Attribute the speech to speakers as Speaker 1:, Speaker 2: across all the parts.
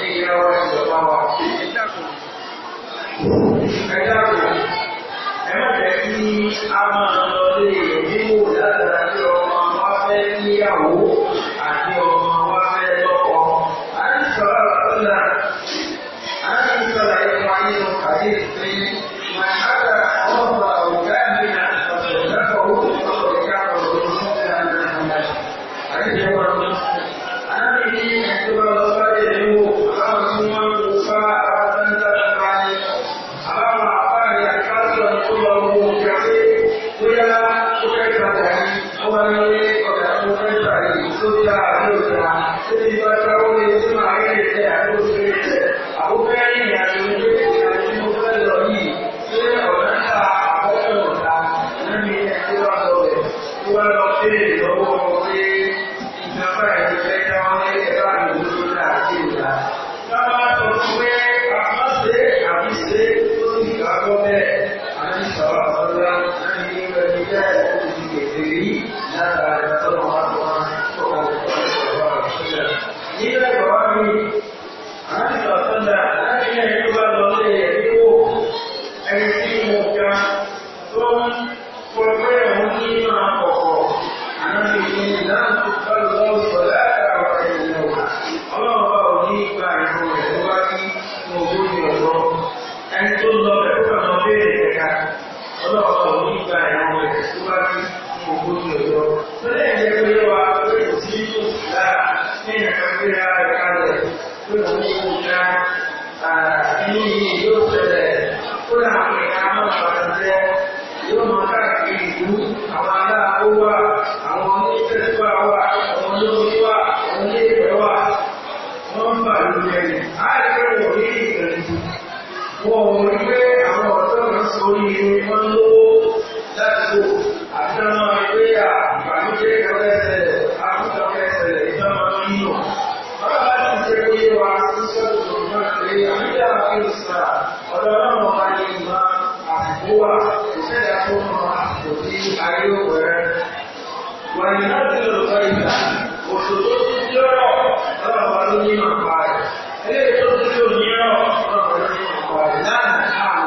Speaker 1: Leo မလေးကိုယ်တိုင်ဥပ္ပစာရီသုတ္တာလို့ဆိုတာစေတီပါတော်လေးစမိုင်းသူတို့ကအဲဒီရုပ်တဲ့ကုလားမေကာမပါတဲ့ရုပ်မှာကဒီကူအဝါဒအဝါအဝါနည်းစွာအဝါအဝါလို့စွာအဝါနည်းဘဝဘောမလူရဲ့အားကြောင့်ဒီကံဘောဝိအဝါတော့ဆိုရင်ဘော ìsà ọ̀dọ̀ ọlọ́run bá ní ìmọ̀ ọ̀rọ̀ ní màpá rẹ̀. Eléyìí àwọn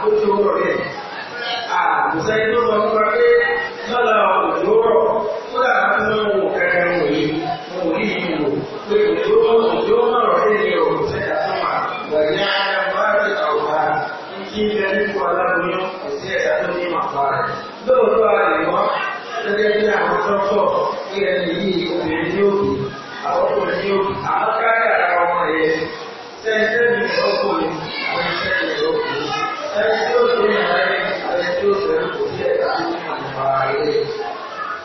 Speaker 1: tó ti wọ̀ rẹ̀ àbùsẹ́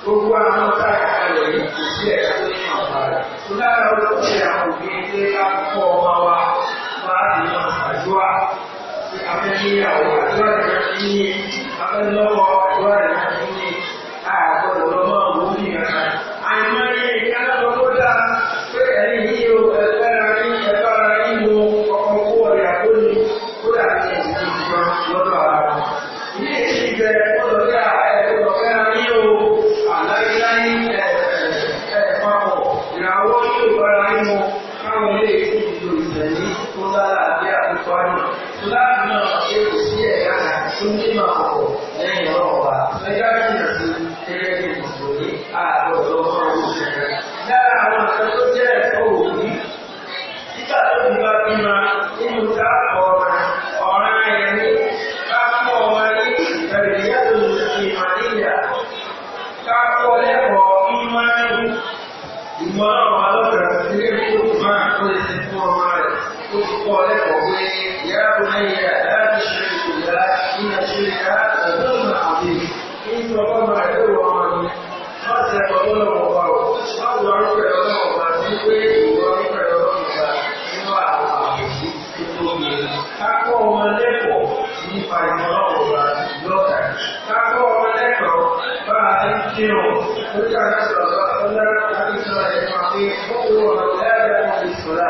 Speaker 1: gbogbo àwọn táyà kalẹ̀ yìí kò sí ẹ̀ka tó ní àǹfààní. Onára ó ṣe àwọn òbí ilé lákòókò ọmọ wa máa ní àdúrà sí abẹ́níyàwó àdúrà ìrẹsì ní abẹ́lọ́wọ́ يا بني لا تشرك بالله إن الشرك لظلم عظيم إن ظلم عدو عظيم قد يقول الله قد يعرف يوم وبعدين ويعرف يوم وبعدين Kakọ́ ọmọ lẹ́kọ̀ọ́ nípa ìmọ̀lọ́wọ̀ wa lọ́kà. Kakọ́ ọmọ lẹ́kọ̀ọ́ bá a ti kírun. Ó jẹ́ àgbàsọ̀rọ̀ ọlọ́run láti sọ ẹ̀fọn pé ó wọ̀ ọ́ lẹ́yìn ọ̀rọ̀ ìṣọ̀lá.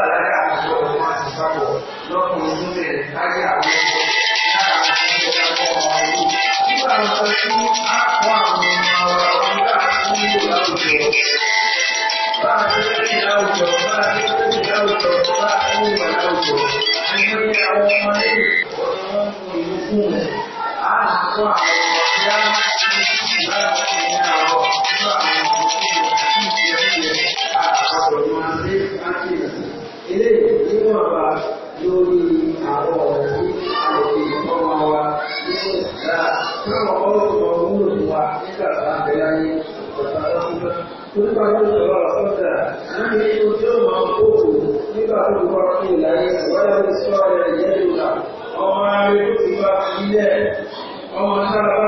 Speaker 1: lórí àwọn ọ̀rọ̀ ရှိတာဒါကဘောဘောဘူးလို့ပြောတာကဗလာကြီးဘာသာလို့ဘုရားကတော့ဆောက်တာအဲဒီလိုပြောမှပို့ဘူးဒီကဘုရားကလည်းဝါရစ်ဆောရရဲ့ရုပ်လာအော်မာရီဘုရားကြီးရဲ့အော်မာရီ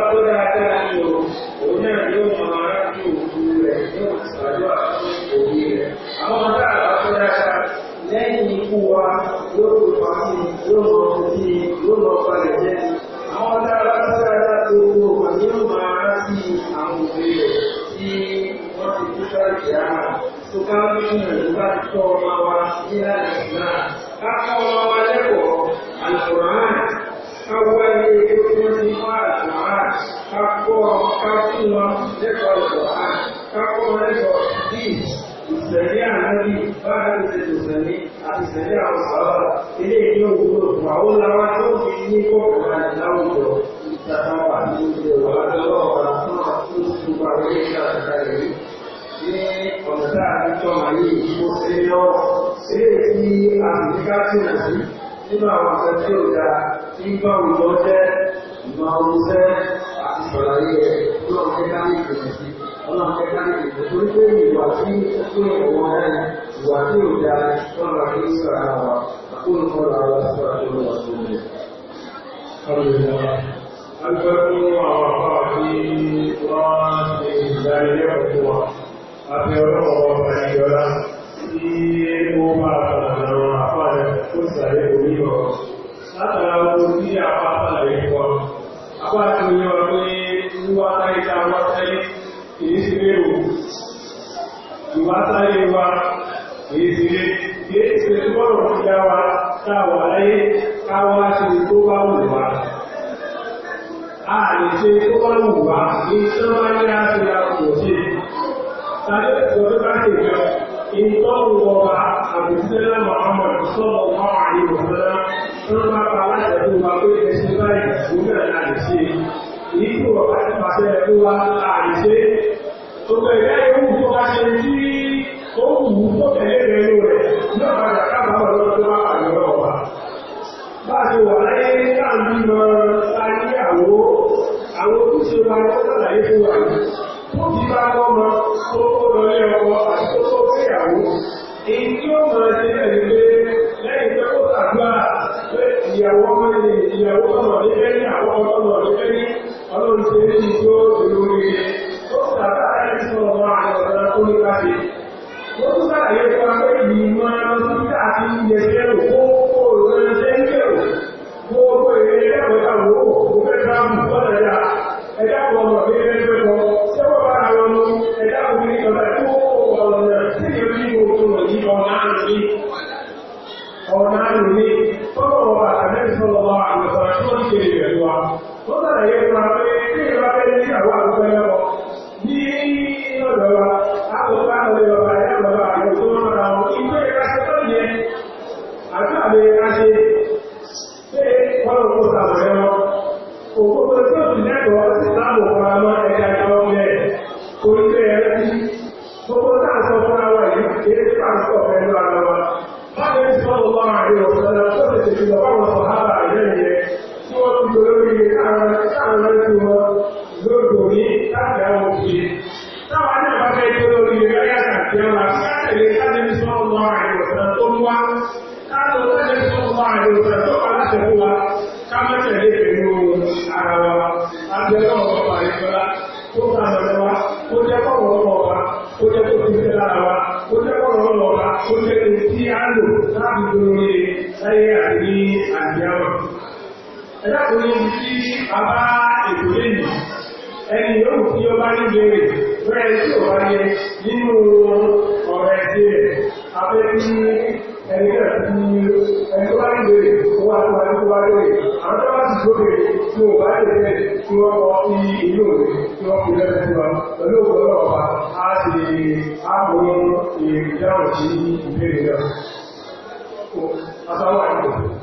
Speaker 1: sọ ọmọ wa nílànà náà ká kọ́ ọmọ wa lẹ́kọ̀ọ́ àlùkùrán ká wá ilé tó tí wọ́n ti kọ́ àlùkùrán ká kọ́ ká fún wọn lẹ́kọ̀ọ́ àlùkùrán ká kọ́ wọn lẹ́kọ̀ọ́ bíi ìṣẹ̀lẹ̀ ànábì báyà ló ti tò sẹ́lẹ̀ àti ìṣẹ̀lẹ̀ àwọn sọ̀rọ̀ ilé ìlú òwúrò àwọn làwọn tó fi ní kọ́kọ́ àdìláwọ̀ မှာဒီကချင်းနဲ့ဒီမှာဝါစတိကဒီပေါ်လို့တဲ့မောင်စဲအစ်စလာရီရဲ့ဘုရားကတည်းကရှိဘုရားကတည်းကဘုရားကြီးဝါစီအခုဘဝနဲ့ဝါစီကဆောလာရီဆရာကအခုခေါ်လာတာဆရာတို့ကဆိုတယ်။ဟုတ်ပြီလား။အလ်ဖာကူဝါဖာဒီဝါစီဇာရီယောအဖေရောဘာယောရာဒီ ṣàlàyé orí ọ látara ohun tí àpá ṣàlàyé wọn apá tí ó yọ pé wíwá táyé tá a wá táyé kìí sí léwu ìwá táyé wa kìí sí lé kìí sí lé bọ́ọ̀rọ̀ tí a wá tá a wà láyé ká wá ṣe tó bá wù wá a lè ṣe tó bá wù wá ní tó bá ní a ṣe àpò sí tàbí ọ̀dọ́ bá ṣe jọ ìtọ́wò ọba àbùsílẹ̀ Muhammad sọ́lọ̀ máa àyíwò fẹ́lá ń bá pa aláṣẹ́kù wa pé ẹṣin báyìí òun náà àìṣe ìlú ọ̀pá ti pàṣẹ ẹ̀kú wa àìṣe gbogbo ẹ̀dá yòówù tó bá ṣe tí láti ó tún sára yẹ fún wa pé ìmọ̀ ẹran tó ń dà sí ilẹ̀ iṣẹ́ rò ó kó ìrìn ṣe ń gbèrò gbogbo ìrìn ẹ̀kọ́ ìyàwó kò fẹ́ bá mú bọ́ọ̀lù ẹ̀dá ẹ̀dá kò ọmọ bí ẹgbẹ́ ẹgbẹ́ kan sẹ́wọ́n bá ara wọn lọ ẹ̀dá kò ní ìjọba tó ọ̀rọ̀ náà sí ìrìn ìwòsàn yìí ọ̀nà àrùn yìí ọ̀nà ഓർമ്മ ẹ̀dá kò ní ti bàbá ètò lẹ́nu ẹni yóò fi ọba níbèrè bẹ́ẹ̀ tí ọba yẹ nínú ọ̀rẹ́ tí rẹ̀ abẹ́ tí ẹni náà ti ẹni tó bá níbèrè owó àtúwà ní tó bá lóye àwọn tó bá ti gbóbèrè tí wọ́n bá lè bẹ́ẹ̀ tí wọ́n kọ́ sí ìlú rẹ̀ tí wọ́n fi lẹ́nu sí wa pẹ̀lú òwúrọ̀ ọba á sì á mú ìdáhùn sí ìbéèrè náà. Asalaamu alaykum.